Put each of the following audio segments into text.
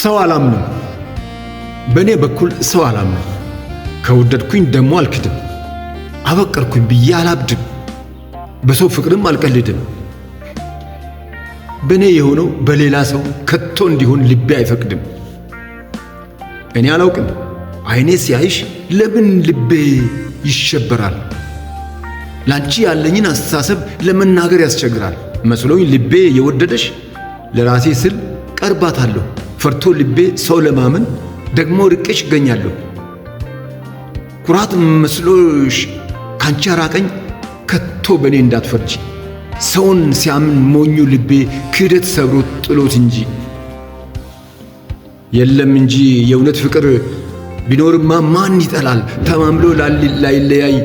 ሰው አላምንም። በእኔ በኩል ሰው አላምንም። ከወደድኩኝ ደሞ አልክድም። አበቀርኩኝ ብዬ አላብድም። በሰው ፍቅርም አልቀልድም። በእኔ የሆነው በሌላ ሰው ከቶ እንዲሆን ልቤ አይፈቅድም። እኔ አላውቅም። አይኔ ሲያይሽ ለምን ልቤ ይሸበራል? ላንቺ ያለኝን አስተሳሰብ ለመናገር ያስቸግራል መስሎኝ ልቤ የወደደሽ ለራሴ ስል ቀርባታለሁ። ፈርቶ ልቤ ሰው ለማመን ደግሞ ርቄሽ ይገኛለሁ። ኩራት መስሎሽ ካንቺ ራቀኝ ከቶ በእኔ እንዳትፈርጂ። ሰውን ሲያምን ሞኙ ልቤ ክህደት ሰብሮ ጥሎት እንጂ የለም እንጂ የእውነት ፍቅር ቢኖርማ ማን ይጠላል? ተማምሎ ላይለያይ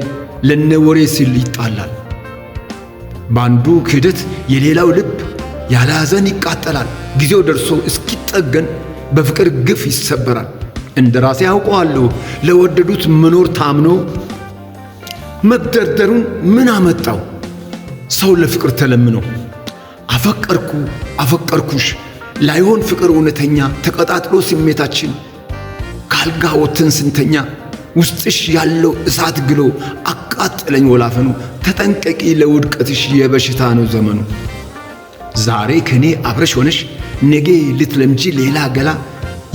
ለነ ወሬ ሲል ይጣላል። በአንዱ ክህደት የሌላው ልብ ያለ ሐዘን ይቃጠላል። ጊዜው ደርሶ እስኪጠገን በፍቅር ግፍ ይሰበራል። እንደ ራሴ ያውቀዋለሁ ለወደዱት መኖር ታምኖ መግደርደሩን ምን አመጣው ሰው ለፍቅር ተለምኖ አፈቀርኩ አፈቀርኩሽ ላይሆን ፍቅር እውነተኛ ተቀጣጥሎ ስሜታችን ካልጋ ወተን ስንተኛ ውስጥሽ ያለው እሳት ግሎ አቃጠለኝ ወላፈኑ ተጠንቀቂ ለውድቀትሽ የበሽታ ነው ዘመኑ። ዛሬ ከኔ አብረሽ ሆነሽ ነገ ልትለምጂ ሌላ ገላ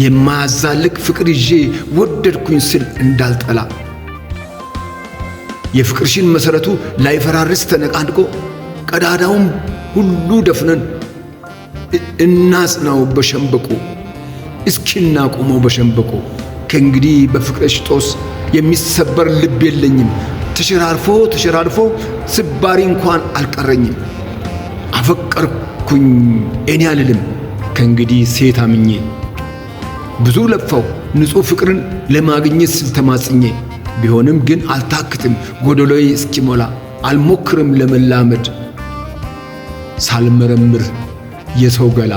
የማያዛልቅ ፍቅር ይዤ ወደድኩኝ ስል እንዳልጠላ የፍቅርሽን መሠረቱ ላይፈራርስ ተነቃንቆ ቀዳዳውም ሁሉ ደፍነን እናጽናው በሸንበቆ እስኪናቆመው በሸንበቆ ከእንግዲህ በፍቅርሽ ጦስ የሚሰበር ልብ የለኝም ተሸራርፎ ተሸራርፎ ስባሪ እንኳን አልቀረኝም። አፈቀርኩኝ እኔ አልልም ከእንግዲህ ሴት አምኜ ብዙ ለፋው ንጹሕ ፍቅርን ለማግኘት ስል ተማጽኜ ቢሆንም ግን አልታክትም ጎደሎዬ እስኪሞላ አልሞክርም ለመላመድ ሳልመረምር የሰው ገላ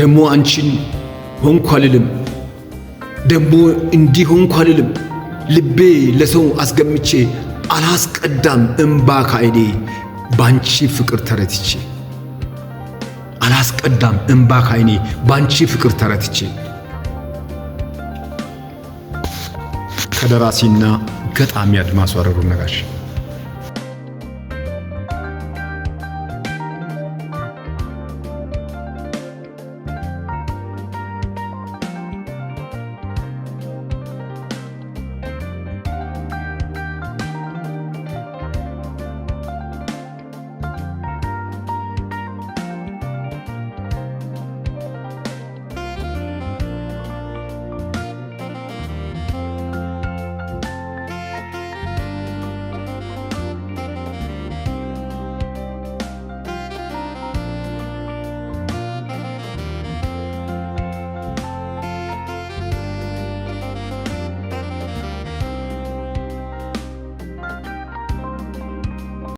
ደሞ አንቺን ሆንኩ አልልም ደሞ እንዲህ ሆንኩ አልልም ልቤ ለሰው አስገምቼ አላስቀዳም እምባ ከዓይኔ ባንቺ ፍቅር ተረትቼ አላስቀዳም እምባ ካይኔ ባንቺ ፍቅር ተረትቼ። ከደራሲና ገጣሚ አድማሱ አረሩ ነጋሽ